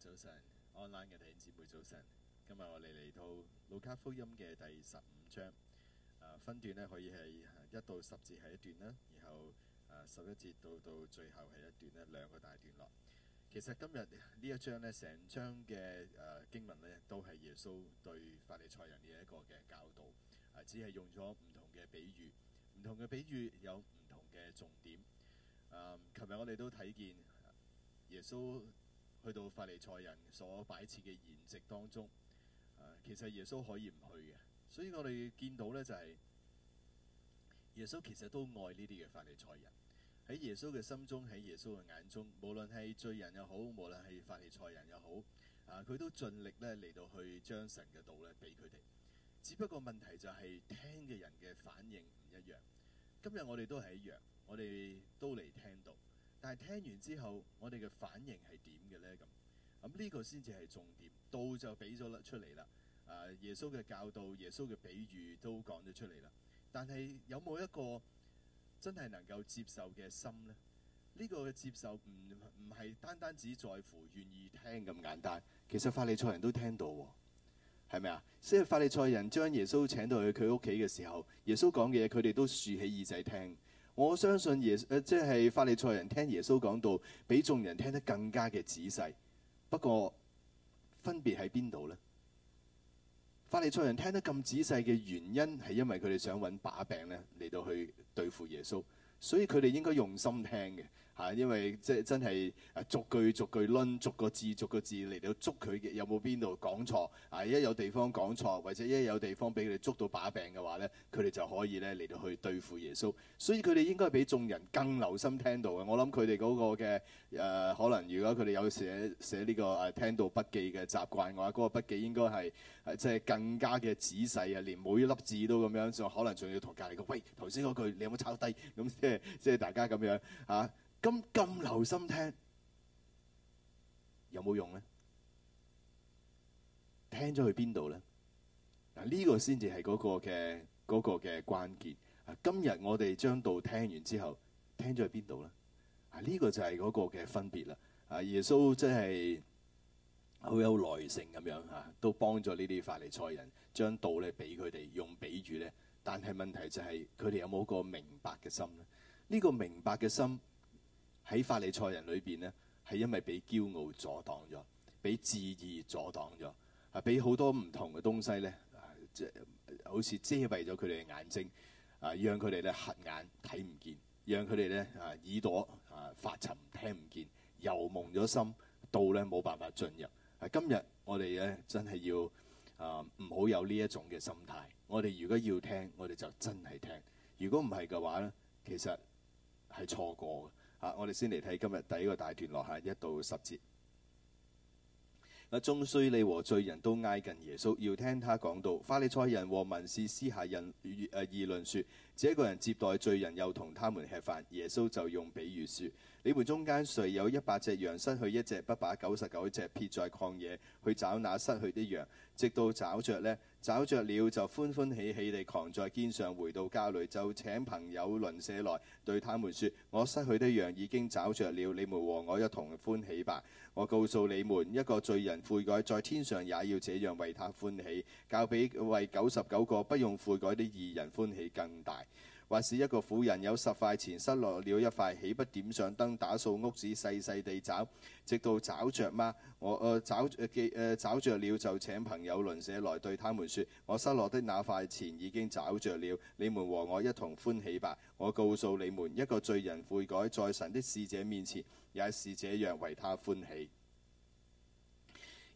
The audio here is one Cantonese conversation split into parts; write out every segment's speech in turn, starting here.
早晨，online 嘅弟兄姊妹早晨。今日我哋嚟到路加福音嘅第十五章，呃、分段咧可以係一到十節係一段啦，然後、呃、十一節到到最後係一段啦，兩個大段落。其實今日呢一章咧，成章嘅誒經文咧，都係耶穌對法利賽人嘅一個嘅教導，啊、呃，只係用咗唔同嘅比喻，唔同嘅比喻有唔同嘅重點。琴、呃、日我哋都睇見耶穌。去到法利賽人所擺設嘅筵席當中，其實耶穌可以唔去嘅，所以我哋見到呢，就係耶穌其實都愛呢啲嘅法利賽人，喺耶穌嘅心中，喺耶穌嘅眼中，無論係罪人又好，無論係法利賽人又好，啊，佢都盡力咧嚟到去將神嘅道咧俾佢哋。只不過問題就係聽嘅人嘅反應唔一樣。今日我哋都係一樣，我哋都嚟聽到。但係聽完之後，我哋嘅反應係點嘅咧？咁咁呢個先至係重點。到就俾咗出嚟啦。啊，耶穌嘅教導、耶穌嘅比喻都講咗出嚟啦。但係有冇一個真係能夠接受嘅心呢？呢、呢個嘅接受唔唔係單單只在乎願意聽咁簡單。其實法利賽人都聽到、哦，係咪啊？即係法利賽人將耶穌請到去佢屋企嘅時候，耶穌講嘅嘢，佢哋都豎起耳仔聽。我相信耶，誒即係法利賽人聽耶穌講道，比眾人聽得更加嘅仔細。不過分別喺邊度咧？法利賽人聽得咁仔細嘅原因係因為佢哋想揾把柄咧嚟到去對付耶穌，所以佢哋應該用心聽嘅。啊，因為即係真係逐句逐句攆，逐個字逐個字嚟到捉佢，嘅，有冇邊度講錯？啊，一有地方講錯，或者一有地方俾佢哋捉到把柄嘅話咧，佢哋就可以咧嚟到去對付耶穌。所以佢哋應該比眾人更留心聽到嘅。我諗佢哋嗰個嘅誒、呃，可能如果佢哋有寫寫呢、呢個誒聽到筆記嘅習慣嘅話，嗰、嗰個筆記應該係、啊、即係更加嘅仔細啊，連每一粒字都咁樣。就可能仲要同隔離個喂頭先嗰句，你有冇抄低？咁即係即係大家咁樣嚇。啊。咁咁留心聽有冇用呢？聽咗去邊度呢？嗱、啊，呢、呢個先至係嗰個嘅、嗰個嘅關鍵、啊。今日我哋將道聽完之後，聽咗去邊度呢？啊，呢、呢個就係嗰個嘅分別啦。啊，耶穌真係好有耐性咁樣、啊、都幫助呢啲法利賽人將道理俾佢哋用比喻呢。但係問題就係佢哋有冇個明白嘅心呢？呢、呢個明白嘅心。喺法利賽人裏邊呢，係因為俾驕傲阻擋咗，俾自意阻擋咗，啊，俾好多唔同嘅東西咧、啊，好似遮蔽咗佢哋嘅眼睛，啊，讓佢哋咧瞎眼睇唔見，讓佢哋咧啊，耳朵啊發沉聽唔見，又蒙咗心，道咧冇辦法進入。啊、今日我哋咧真係要啊，唔好有呢一種嘅心態。我哋如果要聽，我哋就真係聽；如果唔係嘅話咧，其實係錯過嘅。啊！我哋先嚟睇今日第一個大段落下，下一到十節。啊，眾稅吏和罪人都挨近耶穌，要聽他講道。法利賽人和文士私下人誒議論説：這個人接待罪人，又同他們吃飯。耶穌就用比喻説：你們中間誰有一百隻羊，失去一隻，不把九十九隻撇在曠野，去找那失去的羊，直到找着呢。」找着了就歡歡喜喜地扛在肩上回到家裏，就請朋友鄰舍來對他們説：“我失去的羊已經找着了，你們和我一同歡喜吧！我告訴你們，一個罪人悔改，在天上也要這樣為他歡喜，較比為九十九個不用悔改的義人歡喜更大。或是一個婦人有十塊錢，失落了一塊，豈不點上燈打掃屋子，細細地找，直到找着嗎？我誒、呃、找着記誒找著了，就請朋友鄰舍來對他們説：我失落的那塊錢已經找着了，你們和我一同歡喜吧！我告訴你們，一個罪人悔改，在神的使者面前也是這樣為他歡喜。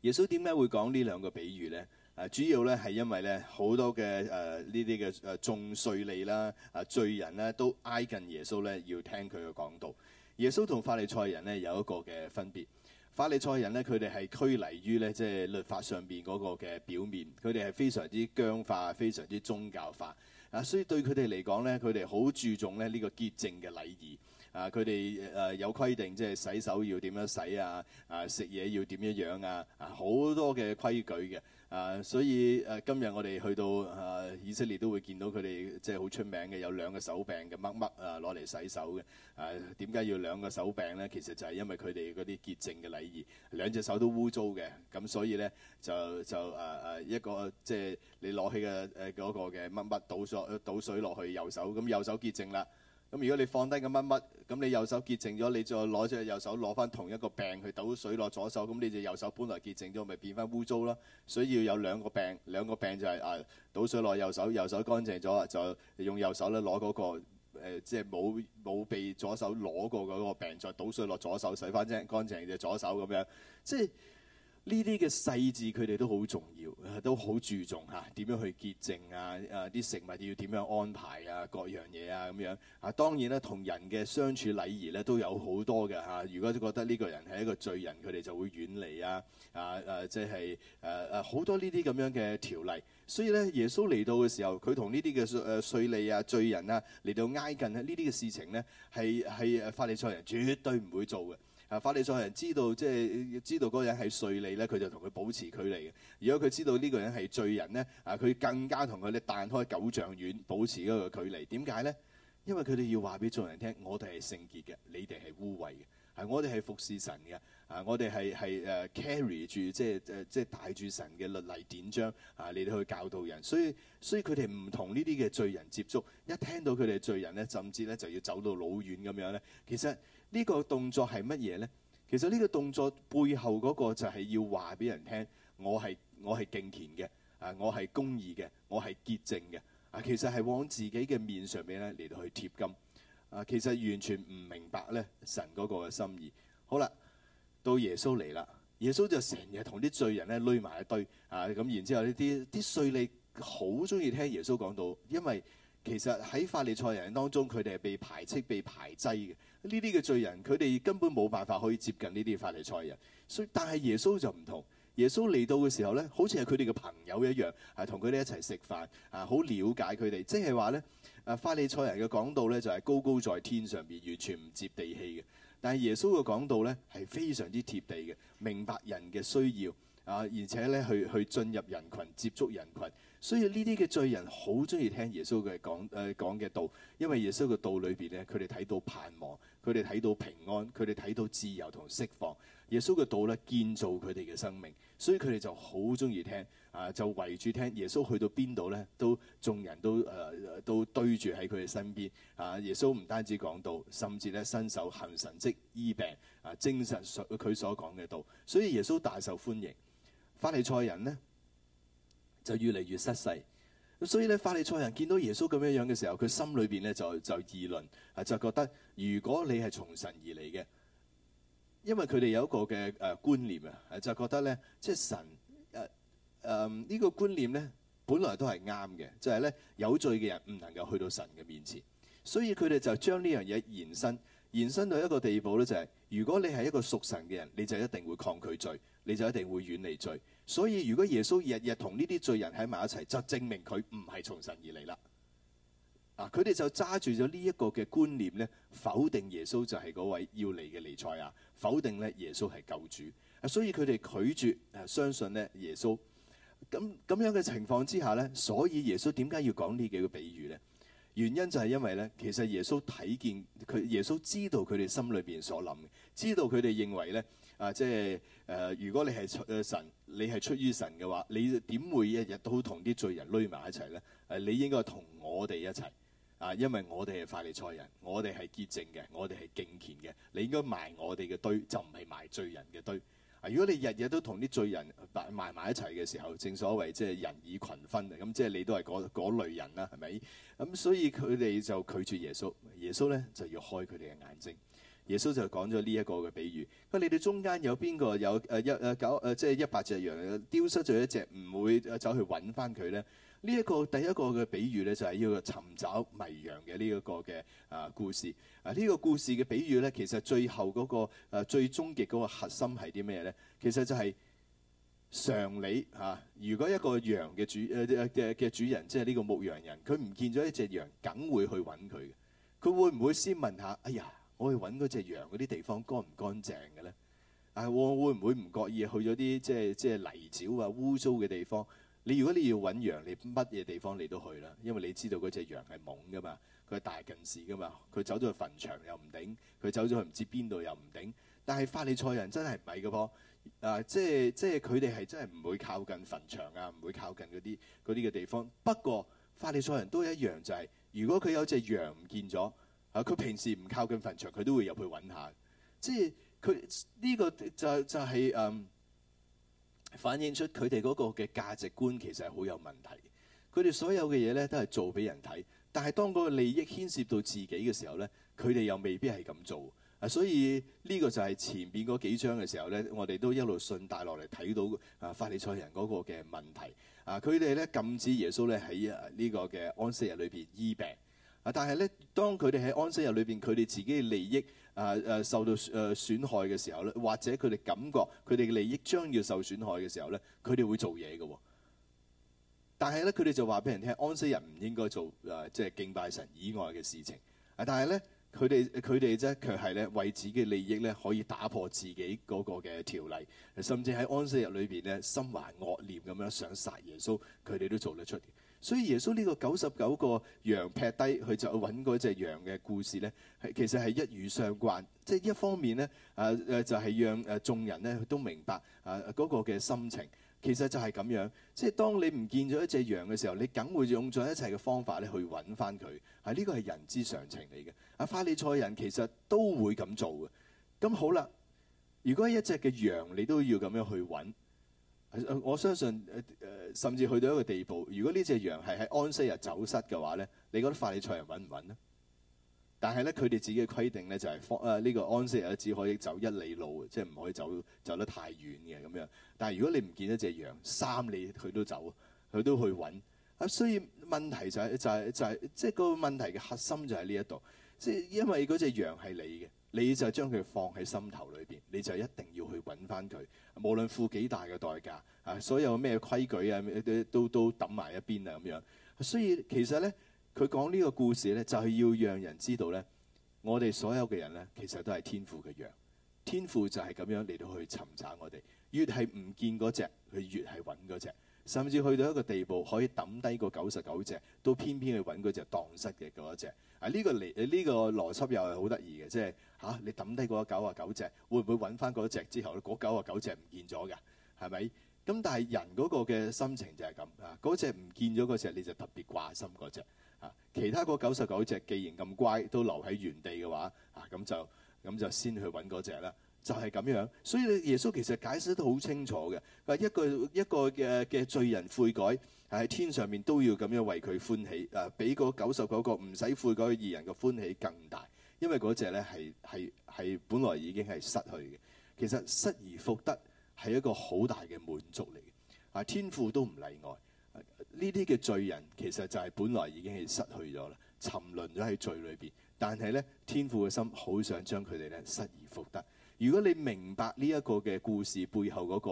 耶穌點解會講呢兩個比喻呢？誒、啊、主要咧係因為咧好多嘅誒呢啲嘅誒眾稅吏啦，啊，罪人呢都挨近耶穌咧要聽佢嘅講道。耶穌同法利賽人呢，有一個嘅分別。法利賽人呢，佢哋係拘泥於呢，即、就、係、是、律法上邊嗰個嘅表面，佢哋係非常之僵化，非常之宗教化啊。所以對佢哋嚟講呢，佢哋好注重咧呢、這個潔淨嘅禮儀啊。佢哋誒有規定即係、就是、洗手要點樣洗啊，啊食嘢要點樣樣啊，啊好多嘅規矩嘅。啊，所以、啊、今日我哋去到啊以色列都會見到佢哋，即係好出名嘅有兩個手柄嘅乜乜啊，攞嚟洗手嘅。啊，點解、啊、要兩個手柄呢？其實就係因為佢哋嗰啲潔淨嘅禮儀，兩隻手都污糟嘅，咁所以呢，就就、啊啊、一個即係你攞起嘅那嗰個嘅乜乜倒水倒水落去右手，咁右手潔淨啦咁如果你放低個乜乜，咁你右手潔淨咗，你再攞出右手攞翻同一個瓶去倒水落左手，咁你隻右手本來潔淨咗，咪變翻污糟啦。所以要有兩個瓶，兩個瓶就係啊，倒水落右手，右手乾淨咗啊，就用右手咧攞嗰個誒，即係冇冇被左手攞過嗰個瓶，再倒水落左手洗翻清乾淨隻左手咁樣，即係。呢啲嘅細節佢哋都好重要，啊、都好注重嚇，點、啊、樣去潔淨啊？誒、啊、啲食物要點樣安排啊？各樣嘢啊咁樣啊。當然啦，同人嘅相處禮儀咧都有好多嘅嚇、啊。如果覺得呢個人係一個罪人，佢哋就會遠離啊啊誒，即係誒誒好多呢啲咁樣嘅條例。所以咧，耶穌嚟到嘅時候，佢同呢啲嘅誒稅吏啊、罪人啊嚟到挨近咧，呢啲嘅事情咧係係法利賽人絕對唔會做嘅。啊！法利賽人知道，即係知道嗰個人係罪人咧，佢就同佢保持距離嘅。如果佢知道呢個人係罪人咧，啊，佢更加同佢咧彈開九丈遠，保持嗰個距離。點解咧？因為佢哋要話俾眾人聽，我哋係聖潔嘅，你哋係污穢嘅。係我哋係服侍神嘅。啊，我哋係係誒 carry 住，即係誒即係帶住神嘅律例典章啊，嚟到去教導人。所以所以佢哋唔同呢啲嘅罪人接觸。一聽到佢哋係罪人咧，甚至咧就要走到老遠咁樣咧。其實呢、這個動作係乜嘢呢？其實呢個動作背後嗰個就係要話俾人聽，我係我係敬虔嘅，啊，我係公義嘅，我係潔淨嘅，啊，其實係往自己嘅面上面咧嚟到去貼金，啊，其實完全唔明白咧神嗰個嘅心意。好啦，到耶穌嚟啦，耶穌就成日同啲罪人咧累埋一堆，啊，咁然之後呢啲啲稅吏好鍾意聽耶穌講道，因為，其實喺法利賽人當中，佢哋係被排斥、被排擠嘅。呢啲嘅罪人，佢哋根本冇辦法可以接近呢啲法利賽人。所以，但係耶穌就唔同。耶穌嚟到嘅時候呢，好似係佢哋嘅朋友一樣，係同佢哋一齊食飯，啊，好了解佢哋。即係話呢，啊，法利賽人嘅講道呢，就係高高在天上邊，完全唔接地氣嘅。但係耶穌嘅講道呢，係非常之貼地嘅，明白人嘅需要啊，而且呢，去去進入人群、接觸人群。所以呢啲嘅罪人好中意聽耶穌嘅講、呃、講嘅道，因為耶穌嘅道裏邊咧，佢哋睇到盼望，佢哋睇到平安，佢哋睇到自由同釋放。耶穌嘅道咧，建造佢哋嘅生命，所以佢哋就好中意聽啊，就圍住聽耶穌去到邊度咧，都眾人都、呃、都堆住喺佢哋身邊啊。耶穌唔單止講道，甚至咧伸手行神迹醫病啊，證實屬佢所講嘅道，所以耶穌大受歡迎。法利賽人咧就越嚟越失勢，所以咧，法利賽人見到耶穌咁樣樣嘅時候，佢心裏邊咧就就議論，就覺得如果你係從神而嚟嘅，因為佢哋有一個嘅誒、呃、觀念啊，就覺得咧即係神誒誒呢個觀念咧，本來都係啱嘅，就係、是、咧有罪嘅人唔能夠去到神嘅面前，所以佢哋就將呢樣嘢延伸延伸到一個地步咧、就是，就係如果你係一個屬神嘅人，你就一定會抗拒罪，你就一定會遠離罪。所以如果耶穌日日同呢啲罪人喺埋一齊，就證明佢唔係從神而嚟啦。啊，佢哋就揸住咗呢一個嘅觀念咧，否定耶穌就係嗰位要嚟嘅彌賽亞，否定咧耶穌係救主。啊，所以佢哋拒絕誒相信咧耶穌。咁咁樣嘅情況之下咧，所以耶穌點解要講呢幾個比喻咧？原因就係因為咧，其實耶穌睇見佢，耶穌知道佢哋心裏邊所諗，知道佢哋認為咧啊，即係誒、啊，如果你係神。你係出於神嘅話，你點會日日都同啲罪人攆埋一齊呢？誒，你應該同我哋一齊啊，因為我哋係法利賽人，我哋係潔淨嘅，我哋係敬虔嘅。你應該埋我哋嘅堆，就唔係埋罪人嘅堆。啊，如果你日日都同啲罪人埋埋一齊嘅時候，正所謂即係人以群分嘅，咁即係你都係嗰類人啦，係咪？咁所以佢哋就拒絕耶穌，耶穌咧就要開佢哋嘅眼睛。耶穌就講咗呢一個嘅比喻，咁你哋中間有邊個有誒一誒九誒即係一百隻羊丟失咗一隻，唔會走去揾翻佢咧？呢一個第一個嘅比喻咧，就係要尋找迷羊嘅呢一個嘅啊故事。啊，呢個故事嘅比喻咧，其實最後嗰個誒最終極嗰個核心係啲咩咧？其實就係常理嚇。如果一個羊嘅主誒誒嘅嘅主人即係呢個牧羊人，佢唔見咗一隻羊，梗會去揾佢嘅。佢會唔會先問下？哎呀！我去揾嗰隻羊嗰啲地方乾唔乾淨嘅咧？啊，我會唔會唔覺意去咗啲即係即係泥沼啊、污糟嘅地方？你如果你要揾羊，你乜嘢地方你都去啦，因為你知道嗰隻羊係懵噶嘛，佢係大近視噶嘛，佢走咗去墳場又唔頂，佢走咗去唔知邊度又唔頂。但係法利賽人真係唔係㗎噃啊！即係即係佢哋係真係唔會靠近墳場啊，唔會靠近嗰啲嗰啲嘅地方。不過法利賽人都一樣，就係，就係如果佢有隻羊唔見咗。啊！佢平時唔靠近墳場，佢都會入去揾下。即係佢呢個就係就係、就係、嗯，反映出佢哋嗰個嘅價值觀其實係好有問題。佢哋所有嘅嘢咧都係做俾人睇，但係當嗰個利益牽涉到自己嘅時候咧，佢哋又未必係咁做。啊！所以呢個就係前邊嗰幾章嘅時候咧，我哋都一路順帶落嚟睇到啊法利賽人嗰個嘅問題。啊！佢哋咧禁止耶穌咧喺呢個嘅安息日裏邊醫病。但係咧，當佢哋喺安息日裏邊，佢哋自己嘅利益啊啊受到誒損害嘅時候咧，或者佢哋感覺佢哋嘅利益將要受損害嘅時候咧，佢哋會做嘢嘅、哦。但係咧，佢哋就話俾人聽，安息日唔應該做誒即係敬拜神以外嘅事情。啊！但係咧，佢哋佢哋咧卻係咧為自己利益咧可以打破自己嗰個嘅條例，甚至喺安息日裏邊咧心懷惡念咁樣想殺耶穌，佢哋都做得出。所以耶穌呢個九十九個羊撇低，佢就揾嗰隻羊嘅故事呢，係其實係一語雙關。即係一方面呢，誒誒就係讓誒眾人呢都明白誒嗰個嘅心情。其實就係咁樣。即係當你唔見咗一隻羊嘅時候，你梗會用盡一切嘅方法咧去揾返佢。係呢個係人之常情嚟嘅。阿法利賽人其實都會咁做嘅。咁好啦，如果一隻嘅羊你都要咁樣去揾。我相信誒誒、呃，甚至去到一個地步，如果呢隻羊係喺安息日走失嘅話咧，你覺得法利賽人揾唔揾咧？但係咧，佢哋自己嘅規定咧就係、是，誒、啊、呢、這個安息日只可以走一里路，即係唔可以走走得太遠嘅咁樣。但係如果你唔見咗隻羊三里，佢都走，佢都去揾。啊，所以問題就係、是、就係、是、就係、是，即、就、係、是就是、個問題嘅核心就喺呢一度，即、就、係、是、因為嗰隻羊係你嘅。你就將佢放喺心頭裏面，你就一定要去揾翻佢，無論付幾大嘅代價，啊，所有咩規矩啊，都都揼埋一邊啊咁樣。所以其實呢，佢講呢個故事呢，就係要讓人知道呢，我哋所有嘅人呢，其實都係天父嘅羊，天父就係咁樣嚟到去尋找我哋。越係唔見嗰隻，佢越係揾嗰隻，甚至去到一個地步，可以揼低個九十九隻，都偏偏去揾嗰隻蕩失嘅嗰一隻。啊！呢個嚟呢個邏輯又係好得意嘅，即係嚇你抌低嗰九啊九隻，會唔會揾翻嗰一隻之後，嗰九啊九隻唔見咗㗎？係咪？咁但係人嗰個嘅心情就係咁啊！嗰隻唔見咗嗰隻，你就特別掛心嗰隻啊！其他嗰九十九隻既然咁乖，都留喺原地嘅話啊，咁就咁就先去揾嗰隻啦。就係咁樣，所以耶穌其實解釋得好清楚嘅。佢話，一個一個嘅嘅罪人悔改。喺天上面都要咁樣為佢歡喜，誒俾嗰九十九個唔使悔改義人嘅歡喜更大，因為嗰隻咧係係係本來已經係失去嘅。其實失而復得係一個好大嘅滿足嚟嘅，啊天父都唔例外。呢啲嘅罪人其實就係本來已經係失去咗啦，沉淪咗喺罪裏邊。但係咧，天父嘅心好想將佢哋咧失而復得。如果你明白呢一個嘅故事背後嗰個、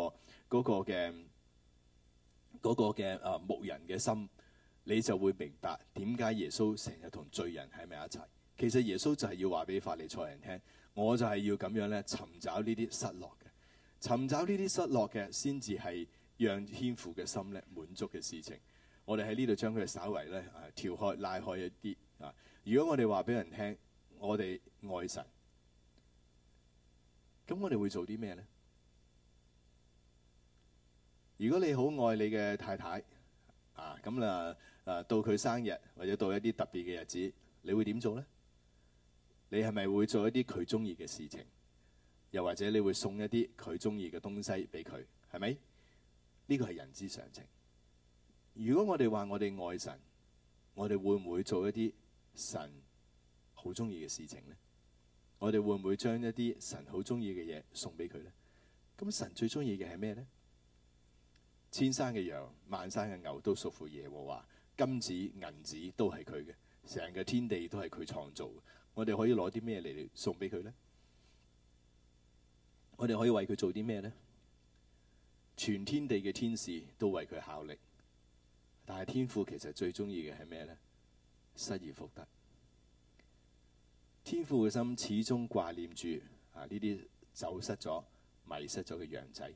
嗰個嘅，嗰個嗰個嘅誒牧人嘅心，你就會明白點解耶穌成日同罪人喺埋一齊。其實耶穌就係要話俾法利賽人聽，我就係要咁樣咧尋找呢啲失落嘅，尋找呢啲失落嘅先至係讓天父嘅心咧滿足嘅事情。我哋喺呢度將佢哋稍微咧啊調開、拉開一啲啊。如果我哋話俾人聽，我哋愛神，咁我哋會做啲咩咧？如果你好愛你嘅太太，啊咁誒、啊、到佢生日或者到一啲特別嘅日子，你會點做咧？你係咪會做一啲佢中意嘅事情？又或者你會送一啲佢中意嘅東西俾佢？係咪？呢個係人之常情。如果我哋話我哋愛神，我哋會唔會做一啲神好中意嘅事情咧？我哋會唔會將一啲神好中意嘅嘢送俾佢咧？咁神最中意嘅係咩咧？千山嘅羊、萬山嘅牛都屬乎耶和華，金子銀子都係佢嘅，成個天地都係佢創造嘅。我哋可以攞啲咩嚟送俾佢呢？我哋可以為佢做啲咩呢？全天地嘅天使都為佢效力，但係天父其實最中意嘅係咩呢？失而復得。天父嘅心始終掛念住啊呢啲走失咗、迷失咗嘅羊仔。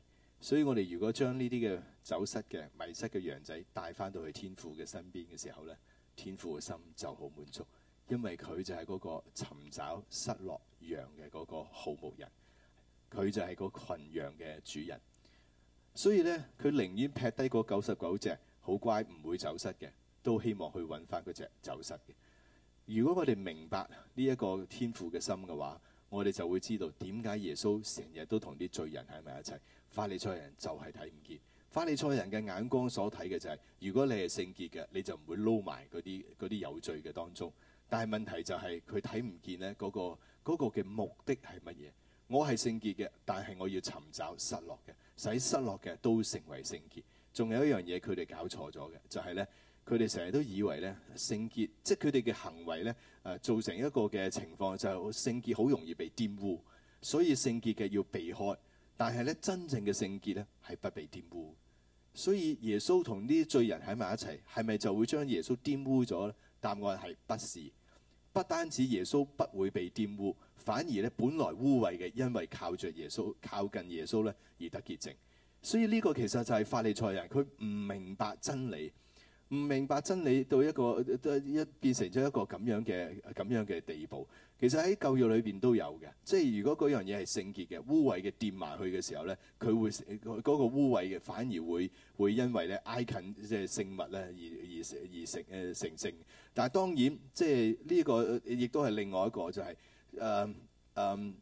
所以我哋如果將呢啲嘅走失嘅迷失嘅羊仔帶翻到去天父嘅身邊嘅時候呢，天父嘅心就好滿足，因為佢就係嗰個尋找失落羊嘅嗰個好牧人，佢就係個群羊嘅主人。所以呢，佢寧願劈低嗰九十九隻好乖唔會走失嘅，都希望去揾翻嗰隻走失嘅。如果我哋明白呢一個天父嘅心嘅話，我哋就會知道點解耶穌成日都同啲罪人喺埋一齊。法利賽人就係睇唔見，法利賽人嘅眼光所睇嘅就係、是，如果你係聖潔嘅，你就唔會撈埋嗰啲嗰啲有罪嘅當中。但係問題就係佢睇唔見咧、那個，嗰、那個嘅目的係乜嘢？我係聖潔嘅，但係我要尋找失落嘅，使失落嘅都成為聖潔。仲有一樣嘢佢哋搞錯咗嘅，就係、是、咧，佢哋成日都以為咧，聖潔即係佢哋嘅行為咧，誒、呃、造成一個嘅情況就聖潔好容易被玷污，所以聖潔嘅要避開。但係咧，真正嘅聖潔咧係不被玷污。所以耶穌同啲罪人喺埋一齊，係咪就會將耶穌玷污咗咧？答案係不是。不單止耶穌不會被玷污，反而咧，本來污穢嘅，因為靠着耶穌、靠近耶穌咧而得潔淨。所以呢個其實就係法利賽人，佢唔明白真理。唔明白真理到一個一變成咗一個咁樣嘅咁樣嘅地步，其實喺教育裏邊都有嘅。即係如果嗰樣嘢係聖潔嘅，污穢嘅掂埋去嘅時候咧，佢會嗰個污穢嘅反而會會因為咧挨近即係聖物咧而而而成誒成聖。但係當然即係呢個亦都係另外一個就係誒誒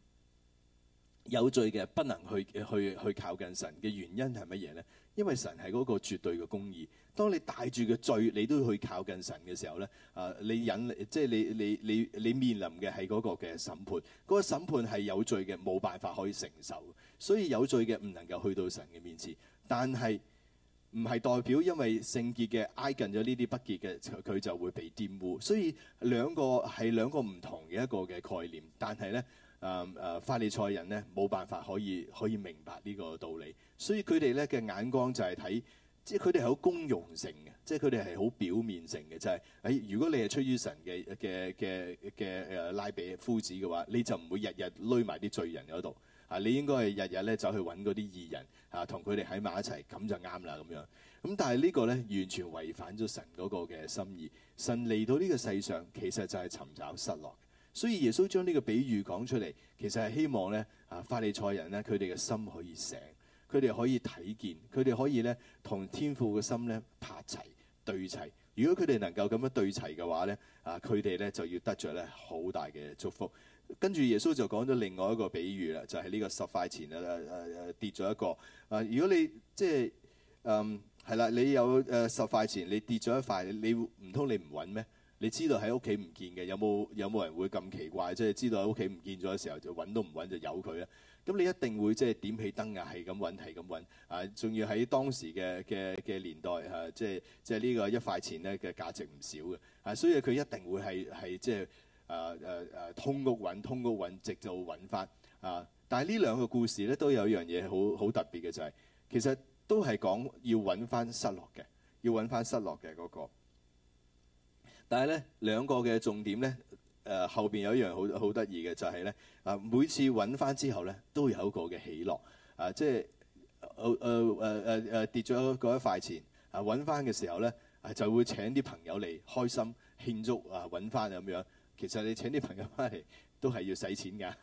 有罪嘅不能去去去靠近神嘅原因係乜嘢咧？因為神係嗰個絕對嘅公義，當你帶住嘅罪，你都去靠近神嘅時候咧，啊、呃，你引，即係你你你你面臨嘅係嗰個嘅審判，嗰、嗰個審判係有罪嘅，冇辦法可以承受，所以有罪嘅唔能夠去到神嘅面前。但係唔係代表因為聖潔嘅挨近咗呢啲不潔嘅，佢就會被玷污。所以兩個係兩個唔同嘅一個嘅概念，但係咧。啊啊！法利賽人咧冇辦法可以可以明白呢個道理，所以佢哋咧嘅眼光就係睇，即係佢哋係好公用性嘅，即係佢哋係好表面性嘅，就係誒如果你係出於神嘅嘅嘅嘅誒拉比夫子嘅話，你就唔會日日攆埋啲罪人嗰度啊，你應該係日日咧走去揾嗰啲義人啊同佢哋喺埋一齊，咁就啱啦咁樣。咁但係呢個咧完全違反咗神嗰個嘅心意。神嚟到呢個世上其實就係尋找失落。所以耶穌將呢個比喻講出嚟，其實係希望咧啊法利賽人咧，佢哋嘅心可以醒，佢哋可以睇見，佢哋可以咧同天父嘅心咧拍齊對齊。如果佢哋能夠咁樣對齊嘅話咧，啊佢哋咧就要得著咧好大嘅祝福。跟住耶穌就講咗另外一個比喻啦，就係、是、呢個十塊錢啊啊、呃、跌咗一個啊、呃。如果你即係嗯係啦，你有誒十塊錢，你跌咗一塊，你唔通你唔揾咩？你知道喺屋企唔見嘅，有冇有冇人會咁奇怪？即係知道喺屋企唔見咗嘅時候，就揾都唔揾就由佢啦。咁你一定會即係點起燈啊，係咁揾，係咁揾啊！仲要喺當時嘅嘅嘅年代嚇，即係即係呢個一塊錢咧嘅價值唔少嘅啊，所以佢一定會係係即係啊啊啊通屋揾，通屋揾，直就揾翻啊！但係呢兩個故事咧，都有一樣嘢好好特別嘅就係，其實都係講要揾翻失落嘅，要揾翻失落嘅嗰個。但係咧兩個嘅重點咧，誒、呃、後邊有一樣好好得意嘅就係、是、咧，啊每次揾翻之後咧都有一個嘅喜樂，啊即係誒誒誒誒誒跌咗嗰一塊錢，啊揾翻嘅時候咧，啊就會請啲朋友嚟開心慶祝啊揾翻咁樣，其實你請啲朋友翻嚟都係要使錢㗎，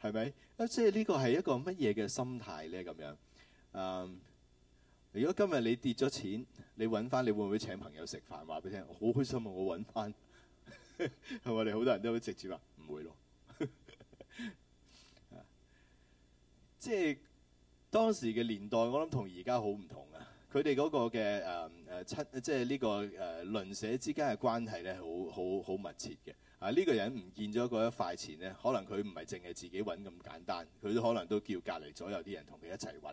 係 咪？啊即係呢個係一個乜嘢嘅心態咧咁樣，嗯、啊。如果今日你跌咗錢，你揾翻你會唔會請朋友食飯話俾聽？好開心啊！我揾翻， 我哋好多人都會直接話唔會咯。即 係當時嘅年代，我諗同而家好唔同啊！佢哋嗰個嘅即、嗯啊啊就係呢個啊、係呢個誒鄰舍之間嘅關係咧，好好好密切嘅。啊，呢、呢個人唔見咗嗰一塊錢咧，可能佢唔係淨係自己揾咁簡單，佢都可能都叫隔離左右啲人同佢一齊揾。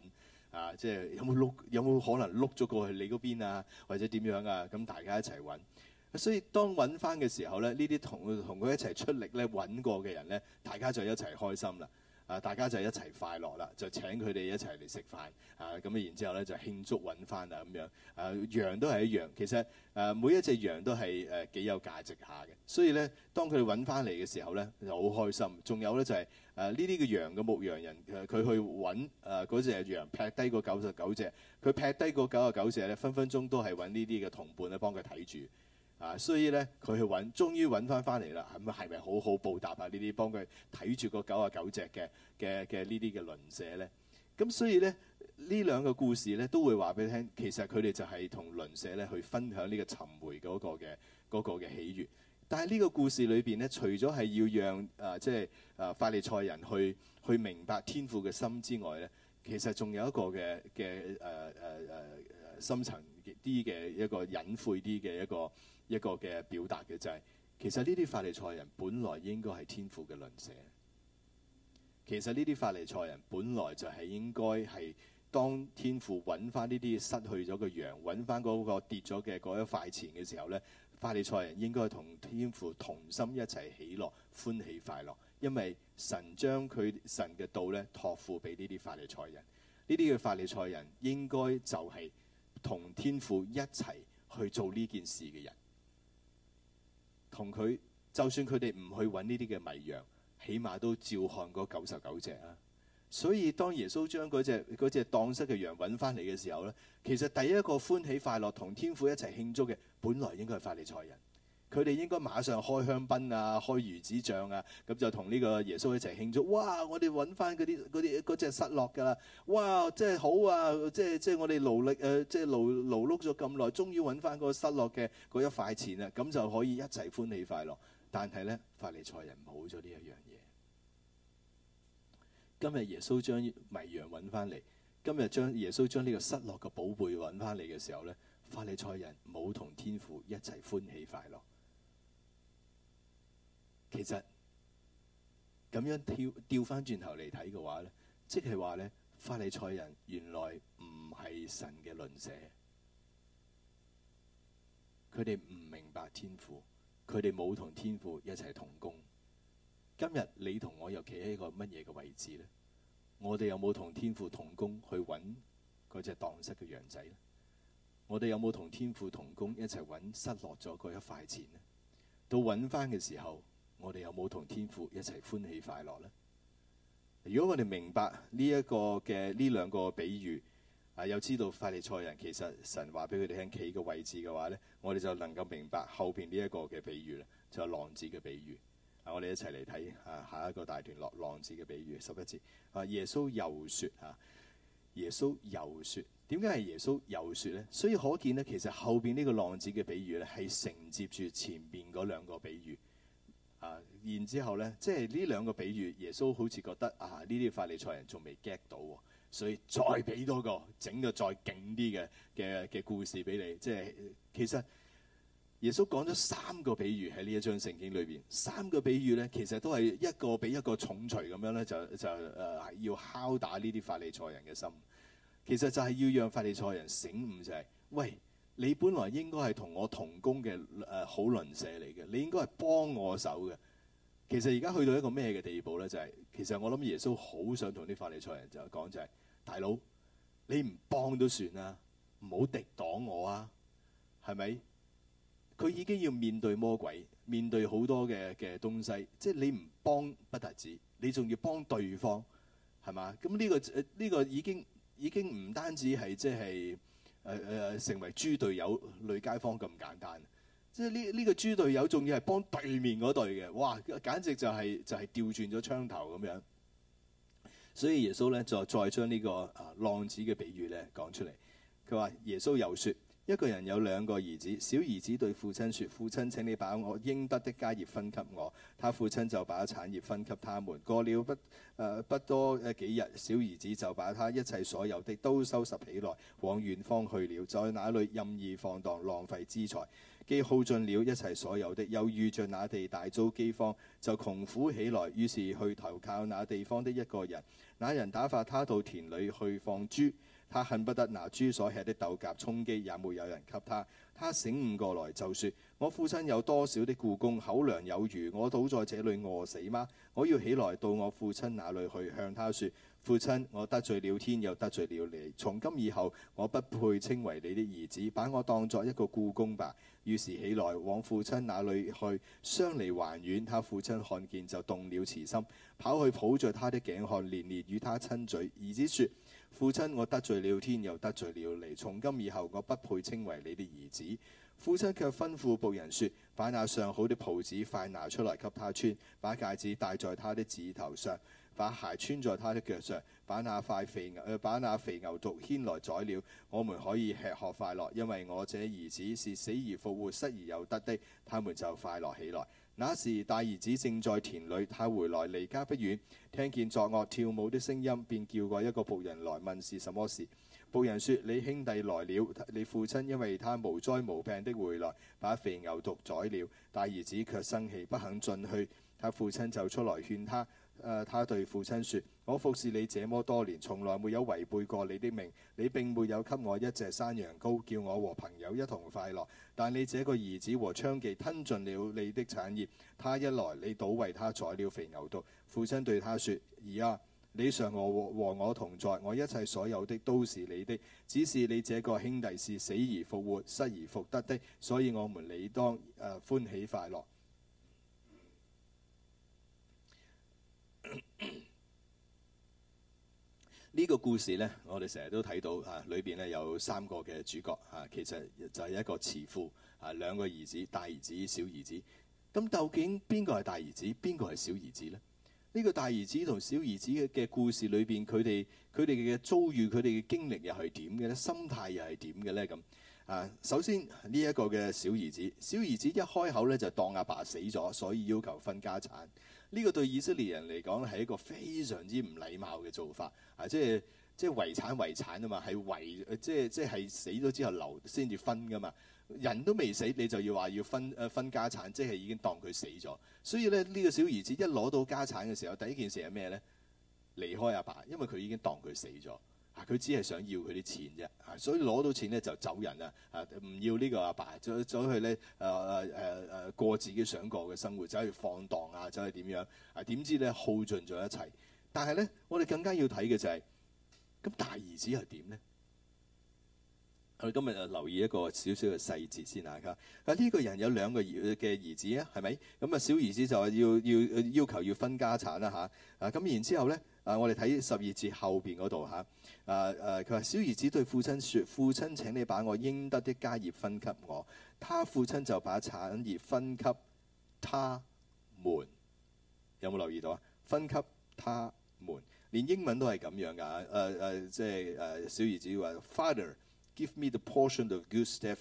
啊！即係有冇碌，有冇可能碌咗過去你嗰邊啊？或者點樣啊？咁大家一齊揾。所以當揾返嘅時候咧，呢啲同同佢一齊出力咧揾過嘅人咧，大家就一齊開心啦。啊！大家就一齊快樂啦，就請佢哋一齊嚟食飯啊！咁然之後咧就慶祝揾翻啦咁樣啊！羊都係一樣，其實誒、啊、每一隻羊都係誒幾有價值下嘅，所以咧當佢哋揾翻嚟嘅時候咧就好開心。仲有咧就係誒呢啲嘅羊嘅牧羊人佢去揾嗰、啊、隻羊，撇低個九十九隻，佢撇低個九十九隻咧分分鐘都係揾呢啲嘅同伴咧幫佢睇住。啊，所以咧佢去揾，終於揾翻翻嚟啦。咁係咪好好報答啊？幫呢啲幫佢睇住個九十九隻嘅嘅嘅呢啲嘅鄰舍咧？咁所以咧呢兩個故事咧都會話俾你聽，其實佢哋就係同鄰舍咧去分享呢個尋回嗰個嘅嗰、嗰個嘅喜悅。但係呢個故事裏邊咧，除咗係要讓啊、呃、即係啊、呃、法利賽人去去明白天父嘅心之外咧，其實仲有一個嘅嘅誒誒誒深層啲嘅一個隱晦啲嘅一個。一個嘅表達嘅就係、是，其實呢啲法利賽人本來應該係天父嘅鄰舍。其實呢啲法利賽人本來就係應該係當天父揾翻呢啲失去咗嘅羊，揾翻嗰個跌咗嘅嗰一塊錢嘅時候呢，法利賽人應該同天父同心一齊喜樂、歡喜快樂，因為神將佢神嘅道咧託付俾呢啲法利賽人。呢啲嘅法利賽人應該就係同天父一齊去做呢件事嘅人。同佢就算佢哋唔去揾呢啲嘅迷羊，起碼都照看過九十九隻啊！所以當耶穌將隻隻蕩失嘅羊揾翻嚟嘅時候咧，其實第一個歡喜快樂同天父一齊慶祝嘅，本來應該係法利賽人。佢哋應該馬上開香檳啊，開魚子醬啊，咁就同呢個耶穌一齊慶祝。哇！我哋揾翻嗰啲嗰啲隻失落㗎啦！哇！即係好啊！即係即係我哋勞力誒，即係勞勞碌咗咁耐，終於揾翻個失落嘅嗰一塊錢啊！咁就可以一齊歡喜快樂。但係咧，法利賽人冇咗呢一樣嘢。今日耶穌將迷羊揾翻嚟，今日將耶穌將呢個失落嘅寶貝揾翻嚟嘅時候咧，法利賽人冇同天父一齊歡喜快樂。其實咁樣跳調翻轉頭嚟睇嘅話咧，即係話咧，法利賽人原來唔係神嘅鄰舍，佢哋唔明白天父，佢哋冇同天父一齊同工。今日你同我又企喺個乜嘢嘅位置咧？我哋有冇同天父同工去揾嗰隻蕩失嘅羊仔咧？我哋有冇同天父同工一齊揾失落咗嗰一塊錢呢？到揾翻嘅時候。我哋有冇同天父一齊歡喜快樂呢？如果我哋明白呢一個嘅、呢兩個比喻，啊，又知道法利賽人其實神話俾佢哋聽企嘅位置嘅話呢，我哋就能夠明白後邊呢一個嘅比喻咧，就係浪子嘅比喻。啊，我哋一齊嚟睇啊，下一個大段落浪子嘅比喻，十一節啊，耶穌又說啊，耶穌又說，點解係耶穌又說呢？所以可見呢，其實後邊呢個浪子嘅比喻呢係承接住前邊嗰兩個比喻。啊、然之後呢，即係呢兩個比喻，耶穌好似覺得啊，呢啲法利賽人仲未 get 到，所以再俾多個整個再勁啲嘅嘅嘅故事俾你。即係其實耶穌講咗三個比喻喺呢一章聖經裏邊，三個比喻呢，其實都係一個比一個重錘咁樣呢，就就誒、呃、要敲打呢啲法利賽人嘅心。其實就係要讓法利賽人醒悟就係、是、喂。你本來應該係同我同工嘅誒好鄰舍嚟嘅，你應該係幫我手嘅。其實而家去到一個咩嘅地步咧？就係、是、其實我諗耶穌好想同啲法利賽人就講就係、是：大佬你唔幫都算啦，唔好敵擋我啊，係咪？佢已經要面對魔鬼，面對好多嘅嘅東西。即、就、係、是、你唔幫不得止，你仲要幫對方，係嘛？咁呢、這個呢、這個已經已經唔單止係即係。就是成為豬隊友女街坊咁簡單，即係呢呢個豬隊友仲要係幫對面嗰隊嘅，哇！簡直就係、是、就係調轉咗槍頭咁樣。所以耶穌咧，就再將呢個啊浪子嘅比喻咧講出嚟。佢話：耶穌又説。一個人有兩個兒子，小兒子對父親說：父親，請你把我應得的家業分給我。他父親就把產業分給他們。過了不、呃、不多幾日，小兒子就把他一切所有的都收拾起來，往遠方去了，在那裏任意放蕩，浪費資財。既耗盡了一切所有的，又遇着那地大遭饑荒，就窮苦起來，於是去投靠那地方的一個人。那人打發他到田裏去放豬。他恨不得拿豬所吃的豆莢充飢，也沒有,有人給他。他醒悟過來就說：我父親有多少的雇工，口糧有餘，我倒在這裡餓死嗎？我要起來到我父親那裏去向他說：父親，我得罪了天，又得罪了你。從今以後，我不配稱為你的兒子，把我當作一個雇工吧。於是起來往父親那裏去，相離還遠，他父親看見就動了慈心，跑去抱著他的頸項連,連連與他親嘴。兒子說父親，我得罪了天，又得罪了你。從今以後，我不配稱為你的兒子。父親卻吩咐僕人說：把那上好的袍子快拿出來給他穿，把戒指戴在他的指頭上，把鞋穿在他的腳上，把那塊肥牛，把那肥牛犢牽來宰了，我們可以吃喝快樂。因為我這兒子是死而復活、失而有得的，他們就快樂起來。那時大兒子正在田裏，他回來離家不遠，聽見作樂跳舞的聲音，便叫過一個僕人來問是什麼事。僕人說：你兄弟來了，你父親因為他無災無病的回來，把肥牛毒宰了。大兒子卻生氣，不肯進去。他父親就出來勸他。呃、他對父親說我服侍你這麼多年，從來沒有違背過你的命。你並沒有給我一隻山羊羔，叫我和朋友一同快樂。但你這個兒子和娼妓吞盡了你的產業。他一來，你倒為他宰了肥牛犢。父親對他說兒啊，你常和和我同在，我一切所有的都是你的。只是你這個兄弟是死而復活、失而復得的，所以我們理當誒、呃、歡喜快樂。呢、 個故事呢，我哋成日都睇到啊，裏邊呢有三個嘅主角啊，其實就係一個慈父啊，兩個兒子，大兒子、小兒子。咁究竟邊個係大兒子，邊個係小兒子呢？呢、個大兒子同小兒子嘅故事裏邊，佢哋佢哋嘅遭遇，佢哋嘅經歷又係點嘅呢？心態又係點嘅呢？咁啊，首先呢一、個嘅小兒子，小兒子一開口呢，就當阿爸死咗，所以要求分家產。呢個對以色列人嚟講係一個非常之唔禮貌嘅做法，啊，即係即係遺產遺產啊嘛，係遺即係即係死咗之後留先至分噶嘛，人都未死，你就要話要分誒分家產，即係已經當佢死咗。所以咧，呢個小兒子一攞到家產嘅時候，第一件事係咩咧？離開阿爸，因為佢已經當佢死咗。佢只係想要佢啲錢啫，啊！所以攞到錢咧就走人啊！啊，唔要呢個阿爸，走走去咧，誒誒誒誒過自己想過嘅生活，走去放蕩啊，走去點樣？啊！點知咧耗盡咗一切。但係咧，我哋更加要睇嘅就係，咁大兒子係點呢？我哋今日留意一個少少嘅細節先嚇。啊，呢個人有兩個兒嘅兒子啊，係咪？咁啊，小兒子就話要要要求要分家產啦嚇。啊，咁然之後咧。Uh, 我看面啊！我哋睇十二節後邊嗰度嚇，啊啊！佢話小兒子對父親説：父親請你把我應得的家業分給我。他父親就把產業分給他們，有冇留意到啊？分給他們，連英文都係咁樣噶。誒、uh, 誒、uh，即係誒小兒子話：Father, give me the portion of good stuff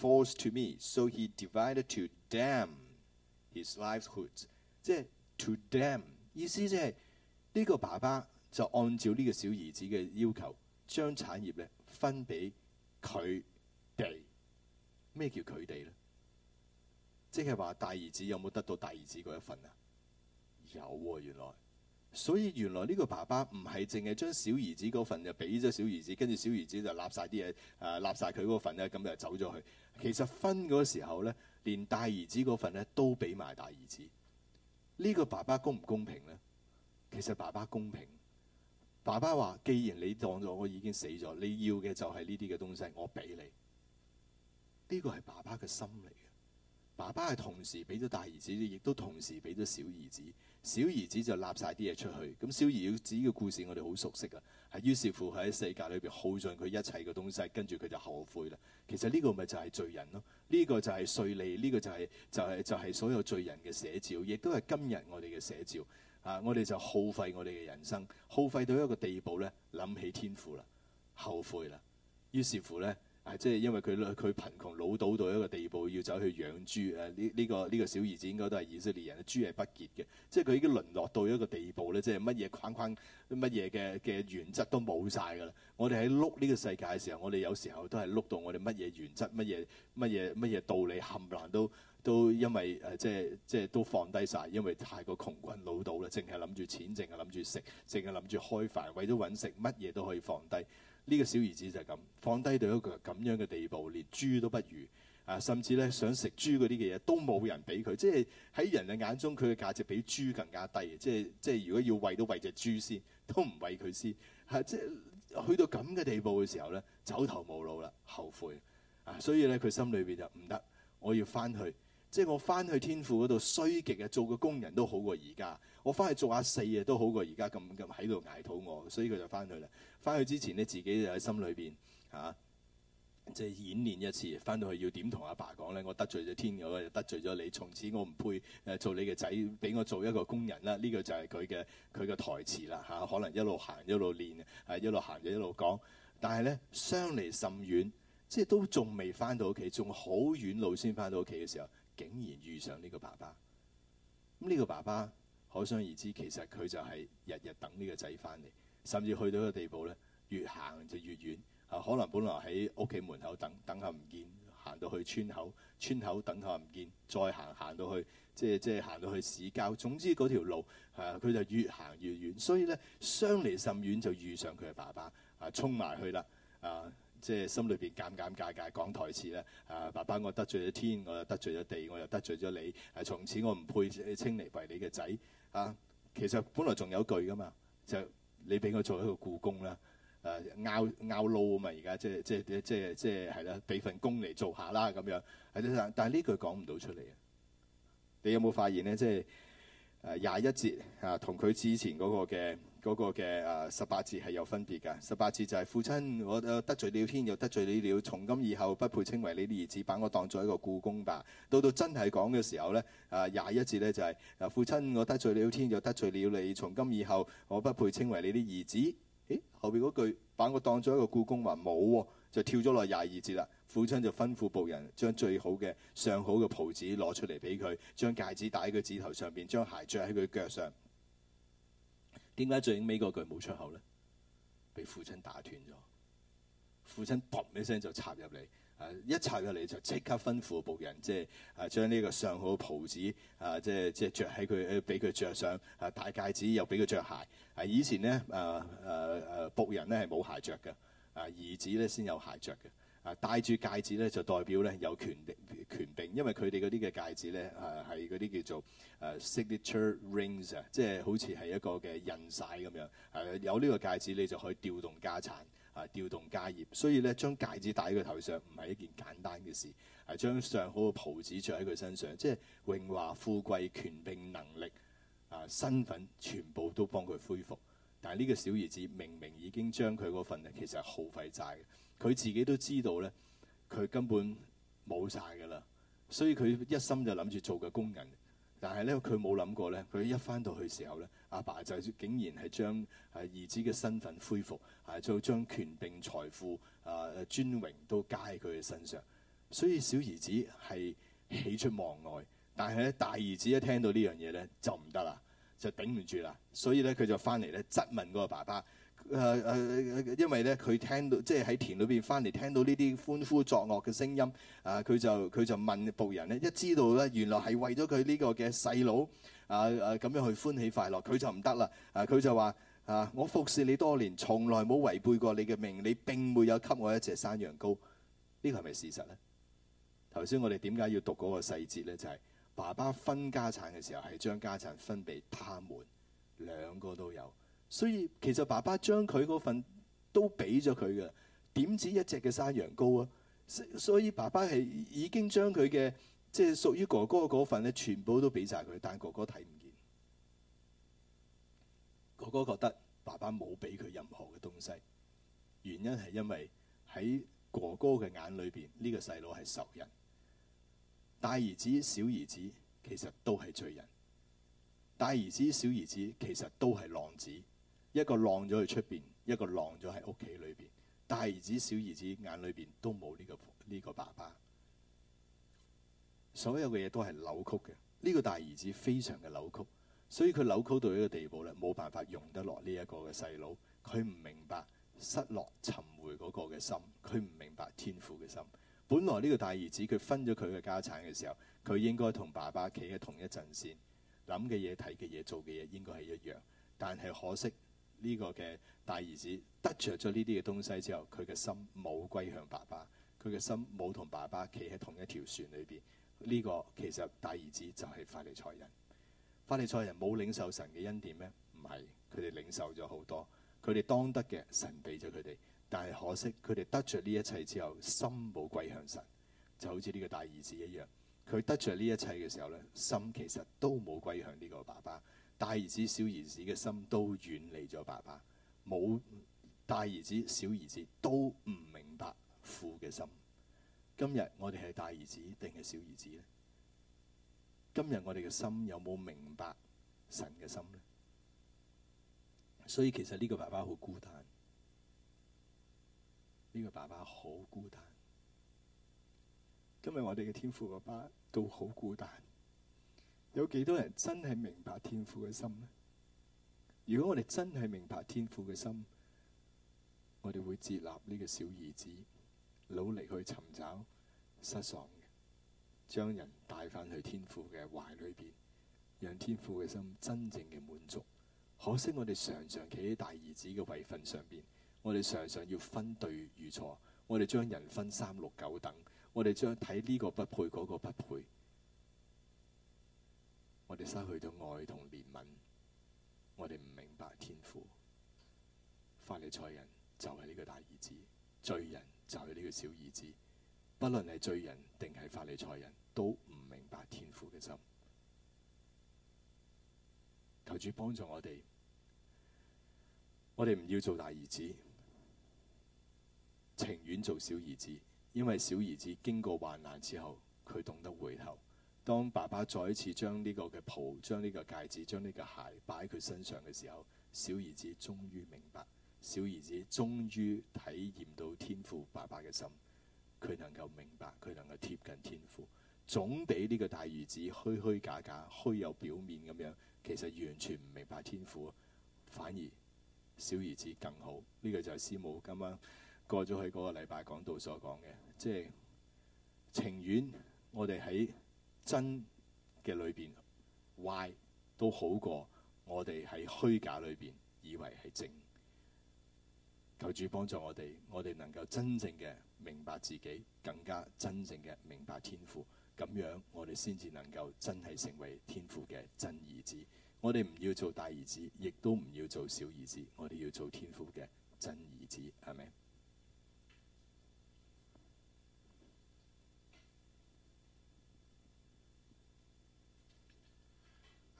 falls to me, so he divided to them his livelihood 即。即係 to them 意思即、就、係、是。呢個爸爸就按照呢個小兒子嘅要求，將產業咧分俾佢哋。咩叫佢哋咧？即係話大兒子有冇得到大兒子嗰一份啊？有喎，啊，原來。所以原來呢個爸爸唔係淨係將小兒子嗰份就俾咗小兒子，跟住小兒子就攬晒啲嘢，誒攬晒佢嗰份咧，咁就走咗去。其實分嗰時候咧，連大兒子嗰份咧都俾埋大兒子。呢個爸爸公唔公平咧？其實爸爸公平，爸爸話：既然你當咗我已經死咗，你要嘅就係呢啲嘅東西，我俾你。呢個係爸爸嘅心嚟嘅。爸爸係同時俾咗大兒子，亦都同時俾咗小兒子。小兒子就立晒啲嘢出去。咁小兒子嘅故事我哋好熟悉嘅，係於是乎喺世界裏邊耗盡佢一切嘅東西，跟住佢就後悔啦。其實呢個咪就係罪人咯，呢個就係稅吏，呢個就係就係就係所有罪人嘅寫照，亦都係今日我哋嘅寫照。啊！我哋就耗費我哋嘅人生，耗費到一個地步咧，諗起天父啦，後悔啦。於是乎咧，啊，即係因為佢佢貧窮老倒到一個地步，要走去養豬。呢、啊、呢、這個呢、這個小兒子應該都係以色列人，豬係不潔嘅。即係佢已經淪落到一個地步咧，即係乜嘢框框、乜嘢嘅嘅原則都冇晒㗎啦。我哋喺碌呢個世界嘅時候，我哋有時候都係碌到我哋乜嘢原則、乜嘢乜嘢乜嘢道理冚爛都～都因為、呃、即係即係都放低晒，因為太過窮困潦倒啦，淨係諗住錢，淨係諗住食，淨係諗住開飯，為咗搵食，乜嘢都可以放低。呢、呢個小兒子就係咁，放低到一個咁樣嘅地步，連豬都不如啊！甚至咧想食豬嗰啲嘅嘢都冇人俾佢，即係喺人嘅眼中佢嘅價值比豬更加低。即係即係如果要餵都餵隻豬先，都唔餵佢先、啊、即係去到咁嘅地步嘅時候咧，走投無路啦，後悔啊！所以咧佢心裏面就唔得，我要翻去。即係我翻去天父嗰度衰極啊，做個工人都好過而家。我翻去做阿四啊，都好過而家咁咁喺度捱肚餓。所以佢就翻去啦。翻去之前呢，自己就喺心裏面，即、啊、係、即係、演練一次。翻到去要點同阿爸講咧？我得罪咗天嘅，我得罪咗你。從此我唔配做你嘅仔，俾我做一個工人啦。呢、呢個就係佢嘅佢嘅台詞啦、啊、可能一路行一路練，一路行就一路講。但係咧，相離甚遠，即係都仲未翻到屋企，仲好遠路先翻到屋企嘅時候，竟然遇上呢個爸爸，咁呢個爸爸可想而知，其實佢就係日日等呢個仔翻嚟，甚至去到一個地步呢，越行就越遠。啊，可能本來喺屋企門口等，等下唔見，行到去村口，村口等下唔見，再行行到去，即係即係行到去市郊。總之嗰條路，啊，佢就越行越遠。所以呢，相離甚遠就遇上佢嘅爸爸，啊，衝埋去啦，啊！即係心裏邊尷尷尬尬講台詞啦。啊！爸爸，我得罪咗天，我又得罪咗地，我又得罪咗你。係、啊、從此我唔配稱嚟為你嘅仔。啊，其實本來仲有句㗎嘛，就你俾我做一個僱工啦，誒拗拗撈啊路嘛，而家即係即係即係即係係啦，俾份工嚟做下啦咁樣。係但係呢句講唔到出嚟啊！你有冇發現咧？即係廿一節啊，同佢之前嗰個嘅。嗰、那個嘅十八字係有分別嘅，十八字就係、是、父親我得罪了天又得罪了你了，從今以後不配稱為你的兒子，把我當作一個雇工吧。到到真係講嘅時候呢，誒廿一節呢、就是，就係父親我得罪了天又得罪了你，從今以後我不配稱為你的兒子。誒後面嗰句把我當作一個雇工話冇喎，就跳咗落廿二節啦。父親就吩咐僕人將最好嘅上好嘅袍子攞出嚟俾佢，將戒指戴喺佢指頭上邊，將鞋着喺佢腳上。點解最尾嗰句冇出口咧？俾父親打斷咗。父親嘣一聲就插入嚟，誒一插入嚟就即刻吩咐僕人，即係誒將呢個上好嘅袍子，誒即係即係著喺佢誒，俾佢着上誒大戒指，又俾佢着鞋。誒以前咧誒誒誒僕人咧係冇鞋着嘅，誒兒子咧先有鞋着嘅。啊，戴住戒指咧就代表咧有權力、權柄，因為佢哋嗰啲嘅戒指咧，啊係嗰啲叫做誒 signature rings 是是啊，即係好似係一個嘅印璽咁樣。誒有呢個戒指，你就可以調動家產，啊調動家業。所以咧，將戒指戴喺佢頭上唔係一件簡單嘅事。係、啊、將上好嘅袍子着喺佢身上，即係榮華富貴、權柄能力啊身份，全部都幫佢恢復。但係呢個小兒子明明已經將佢嗰份其實係耗費曬嘅。佢自己都知道咧，佢根本冇晒噶啦，所以佢一心就諗住做個工人。但係咧，佢冇諗過咧，佢一翻到去的時候咧，阿爸就竟然係將係兒子嘅身份恢復，係將將權柄財富啊尊榮都加喺佢嘅身上。所以小兒子係喜出望外，但係咧，大兒子一聽到呢樣嘢咧就唔得啦，就頂唔住啦。所以咧，佢就翻嚟咧質問嗰個爸爸。誒誒誒，因為咧，佢聽到即係喺田裏邊翻嚟聽到呢啲歡呼作樂嘅聲音，啊，佢就佢就問僕人咧，一知道咧，原來係為咗佢呢個嘅細佬，啊啊咁樣去歡喜快樂，佢就唔得啦，啊，佢就話啊，我服侍你多年，從來冇違背過你嘅命，你並沒有給我一隻山羊羔，呢個係咪事實咧？頭先我哋點解要讀嗰個細節咧？就係爸爸分家產嘅時候，係將家產分俾他們兩個都有。所以其實爸爸將佢嗰份都俾咗佢嘅，點止一隻嘅山羊羔啊！所以爸爸係已經將佢嘅即係屬於哥哥嘅嗰份咧，全部都俾晒佢，但哥哥睇唔見。哥哥覺得爸爸冇俾佢任何嘅東西，原因係因為喺哥哥嘅眼裏邊，呢、這個細佬係仇人。大兒子、小兒子其實都係罪人，大兒子、小兒子其實都係浪子。一個浪咗去出邊，一個浪咗喺屋企裏邊。大兒子、小兒子眼裏邊都冇呢個呢個爸爸。所有嘅嘢都係扭曲嘅。呢個大兒子非常嘅扭曲，所以佢扭曲到一個地步咧，冇辦法容得落呢一個嘅細佬。佢唔明白失落尋回嗰個嘅心，佢唔明白天父嘅心。本來呢個大兒子佢分咗佢嘅家產嘅時候，佢應該同爸爸企喺同一陣線，諗嘅嘢、睇嘅嘢、做嘅嘢應該係一樣。但係可惜。呢個嘅大兒子得着咗呢啲嘅東西之後，佢嘅心冇歸向爸爸，佢嘅心冇同爸爸企喺同一條船裏邊。呢個其實大兒子就係法利賽人，法利賽人冇領受神嘅恩典咩？唔係，佢哋領受咗好多，佢哋當得嘅神俾咗佢哋，但係可惜佢哋得着呢一切之後，心冇歸向神，就好似呢個大兒子一樣。佢得着呢一切嘅時候咧，心其實都冇歸向呢個爸爸。大兒子、小兒子嘅心都遠離咗爸爸，冇大兒子、小兒子都唔明白父嘅心。今日我哋係大兒子定係小兒子咧？今日我哋嘅心有冇明白神嘅心咧？所以其實呢個爸爸好孤單，呢個爸爸好孤單。今日我哋嘅天父爸爸都好孤單。有幾多人真係明白天父嘅心呢？如果我哋真係明白天父嘅心，我哋會接納呢個小兒子，努力去尋找失喪嘅，將人帶返去天父嘅懷裏邊，讓天父嘅心真正嘅滿足。可惜我哋常常企喺大兒子嘅位份上邊，我哋常常要分對與錯，我哋將人分三六九等，我哋將睇呢個不配嗰個不配。我哋失去咗愛同憐憫，我哋唔明白天父。法利賽人就係呢個大兒子，罪人就係呢個小兒子。不論係罪人定係法利賽人都唔明白天父嘅心。求主幫助我哋，我哋唔要做大兒子，情願做小兒子，因為小兒子經過患難之後，佢懂得回頭。當爸爸再一次將呢個嘅袍、將呢個戒指、將呢個鞋擺喺佢身上嘅時候，小兒子終於明白，小兒子終於體驗到天父爸爸嘅心。佢能夠明白，佢能夠貼近天父，總比呢個大兒子虛虛假假、虛有表面咁樣，其實完全唔明白天父。反而小兒子更好。呢、呢個就係師母今晚過咗去嗰個禮拜講道所講嘅，即係情願我哋喺真嘅裏邊，壞都好過我哋喺虛假裏邊以為係正。求主幫助我哋，我哋能夠真正嘅明白自己，更加真正嘅明白天父，咁樣我哋先至能夠真係成為天父嘅真兒子。我哋唔要做大兒子，亦都唔要做小兒子，我哋要做天父嘅真兒子，係咪？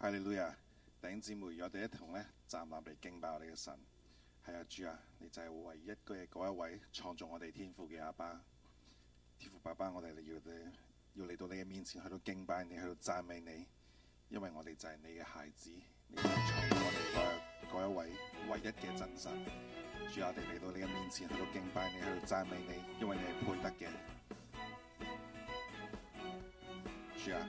哈利路亞，頂姊妹，我哋一同咧站立嚟敬拜我哋嘅神。係啊，主啊，你就係唯一嘅嗰一位創造我哋天父嘅阿爸，爸。天父爸爸，我哋要要嚟到你嘅面前去到敬拜你，去到讚美你，因為我哋就係你嘅孩子，你要創造我哋嘅嗰一位唯一嘅真神。主啊，我哋嚟到你嘅面前去到敬拜你，去到讚美你，因為你係配得嘅。主啊！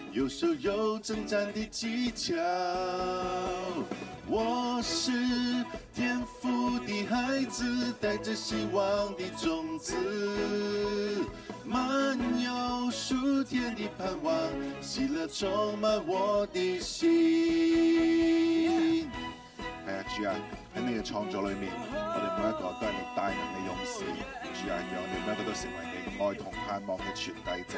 有所有征戰的技巧，我是天父的孩子，帶着希望的種子，漫遊數天的盼望，喜樂充滿我的心。係啊，主啊，喺你的創作裏面，我哋每一個都係你大能嘅勇士，主啊，讓我哋每一個都成為你愛同盼望嘅傳遞者。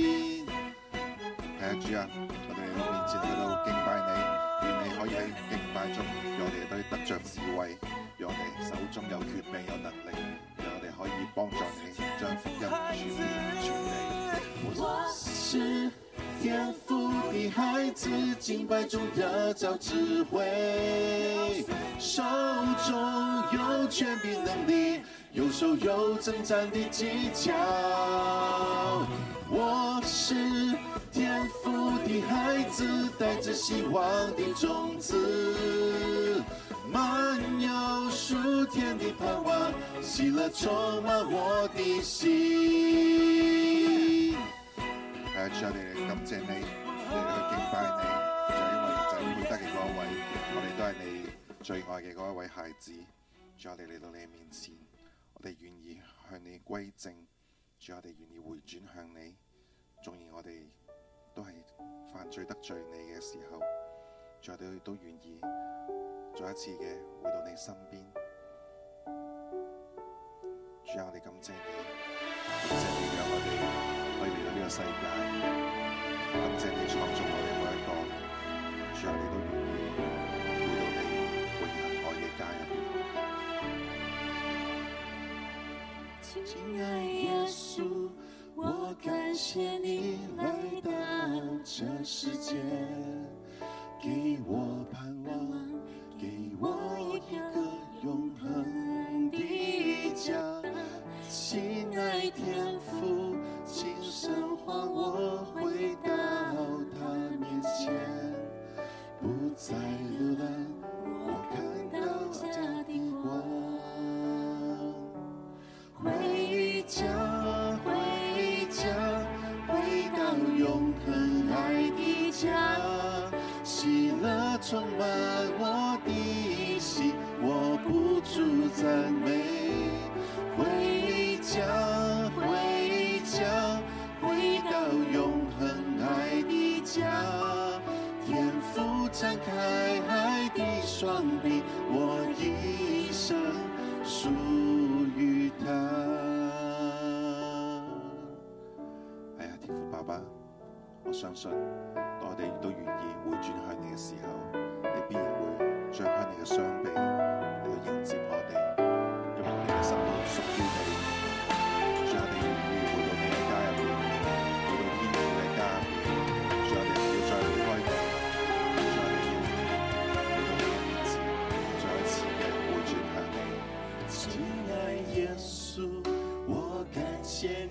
主啊，我哋喺面前喺度敬拜你，願你可以喺敬拜中，讓我哋都得着智慧，讓我哋手中有權柄有能力，讓我哋可以幫助你將福音傳遍全地。我是天父的孩子，敬拜中得到智慧，手中有權柄能力。右手有征戰的技巧，我是天父的孩子，帶着希望的種子，滿有屬天的盼望，喜樂充滿我的心，呃。大家你，感謝你，我哋去敬拜你，就係因為就係配得嘅嗰一位，我哋都係你最愛嘅嗰一位孩子，祝我你嚟到你的面前。我哋願意向你歸正，主我哋願意回轉向你，仲而我哋都係犯罪得罪你嘅時候，主我都都願意再一次嘅回到你身邊。主啊，我哋感謝你，感謝你讓我哋可以嚟到呢個世界，感謝你創造我哋每一個，主啊，你都願意。親愛耶穌，我感謝你來到這世界。我感謝你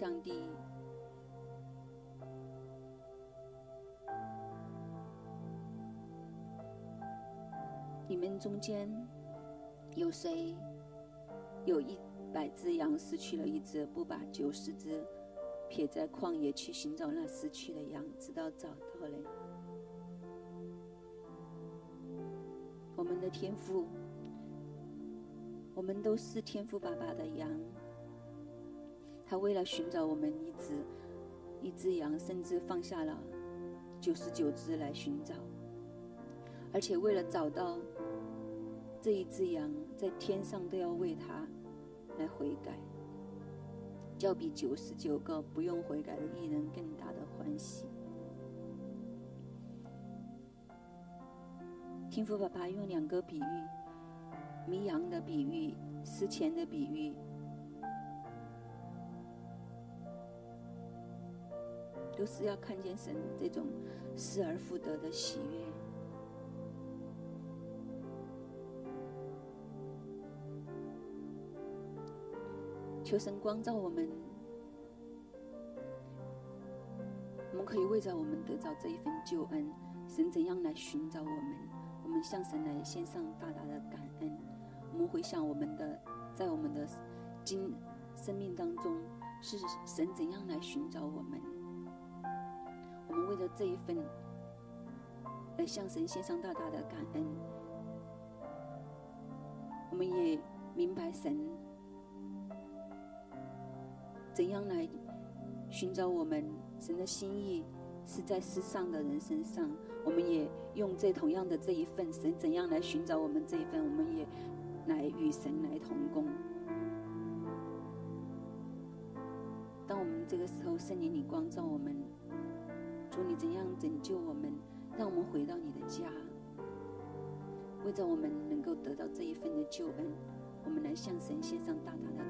上帝，你們中間有誰有一百隻羊，失去了一隻，不把九十隻撇在曠野去尋找那失去的羊，直到找到嘞？我們的天父，我們都是天父爸爸的羊。他為了尋找我們一隻一隻羊，甚至放下了九十九隻來尋找，而且為了找到這一隻羊，在天上都要為他來悔改，要比九十九個不用悔改的義人更大的歡喜。天父爸爸用兩個比喻：迷羊的比喻，失錢的比喻。就是要看見神這種失而復得的喜悅，求神光照我們，我們可以為着我們得到這一份救恩，神怎樣來尋找我們？我們向神來獻上大大的感恩。我們回想我們的，在我們的今生命當中，是神怎樣來尋找我們？為着這一份來向神獻上大大的感恩，我們也明白神怎樣來尋找我們，神的心意是在世上的人身上。我們也用這同樣的這一份神怎樣來尋找我們這一份，我們也來與神來同工。當我們這個時候，聖靈裏光照我們。你怎樣拯救我們，讓我們回到你的家？為着我們能夠得到這一份的救恩，我們來向神獻上大大的。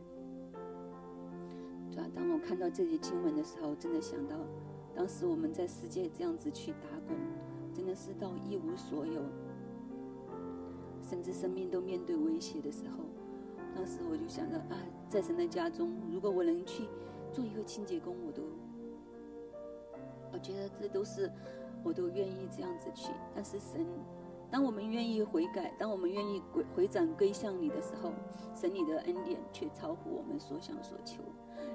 主要、啊、當我看到這些經文的時候，真的想到，當時我們在世界這樣子去打滾，真的是到一無所有，甚至生命都面對威脅的時候，當時我就想到啊，在神的家中，如果我能去做一個清潔工，我都，我覺得這都是，我都願意這樣子去。但是神，當我們願意悔改，當我們願意回回轉歸向你的時候，神你的恩典卻超乎我們所想所求。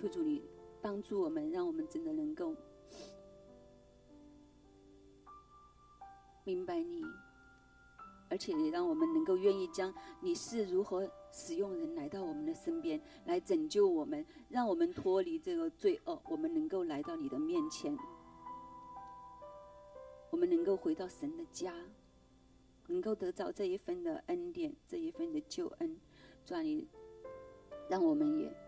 求主你幫助我們，讓我們真的能夠明白你，而且也讓我們能夠願意將你是如何使用人來到我們的身邊，來拯救我們，讓我們脱離這個罪惡，我們能夠來到你的面前，我們能夠回到神的家，能夠得到這一份的恩典，這一份的救恩，主啊，你讓我們也。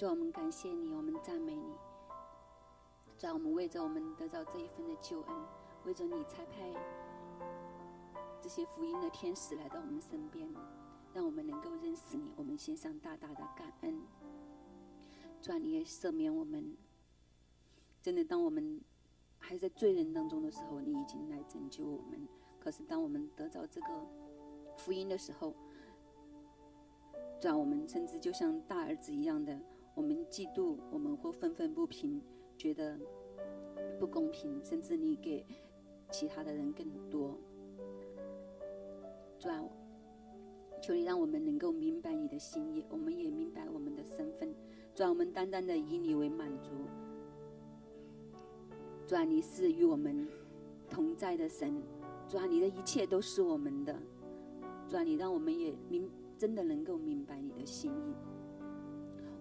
主，我們感謝你，我們讚美你。主啊，我們為着我們得到這一份的救恩，為着你差派這些福音的天使來到我們身邊，讓我們能夠認識你。我們獻上大大的感恩。主啊，你也赦免我們。真的，當我們還在罪人當中的時候，你已經來拯救我們。可是，當我們得到這個福音的時候，讓我們甚至就像大兒子一樣的。我們嫉妒，我們會憤憤不平，覺得不公平，甚至你給其他的人更多。主啊，求你讓我們能夠明白你的心意，我們也明白我們的身份。主啊，我們單單的以你為滿足。主啊，你是與我們同在的神。主啊，你的一切都是我們的。主啊，你讓我們也明，真的能夠明白你的心意。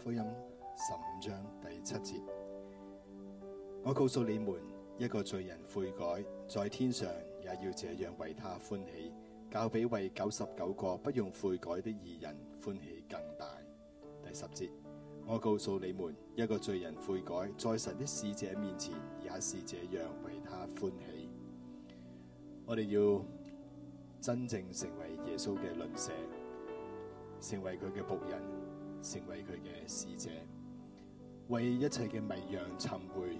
福音十五章第七節，我告訴你們，一個罪人悔改，在天上也要這樣為他歡喜，較比為九十九個不用悔改的義人歡喜更大。第十節，我告訴你們，一個罪人悔改，在神的使者面前也是這樣為他歡喜。我哋要真正成為耶穌嘅鄰舍，成為佢嘅僕人，成為佢嘅使者，為一切嘅迷羊尋回，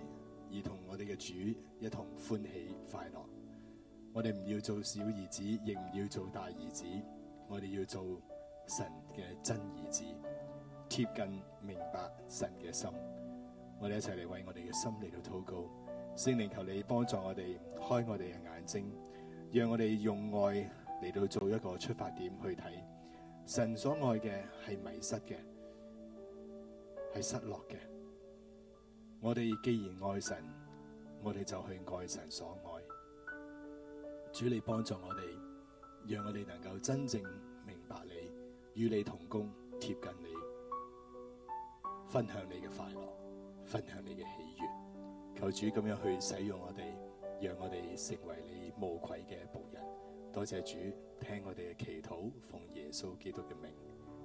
而同我哋嘅主一同歡喜快樂。我哋唔要做小兒子，亦唔要做大兒子，我哋要做神嘅真兒子，貼近明白神嘅心。我哋一齊嚟為我哋嘅心嚟到禱告，聖靈求你幫助我哋，開我哋嘅眼睛，讓我哋用愛嚟到做一個出發點去睇。神所愛嘅係迷失嘅。係失落嘅。我哋既然愛神，我哋就去愛神所愛。主，你幫助我哋，讓我哋能夠真正明白你，與你同工，貼近你，分享你嘅快樂，分享你嘅喜悅。求主咁樣去使用我哋，讓我哋成為你無愧嘅僕人。多謝主聽我哋嘅祈禱，奉耶穌基督嘅名。